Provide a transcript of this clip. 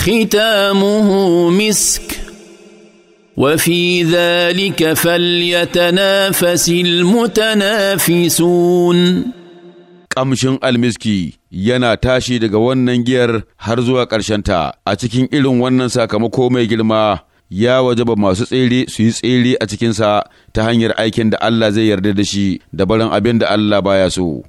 ختامه مسك وفي ذلك فليتنافس المتنافسون ƙamshin almiski yana tashi daga wannan giyar har zuwa ƙarshen ta. a cikin irin wannan sakamako mai girma ya wajaba masu tsere su yi tsere a cikinsa ta hanyar aikin da Allah zai yarda da shi da barin abin da Allah baya so.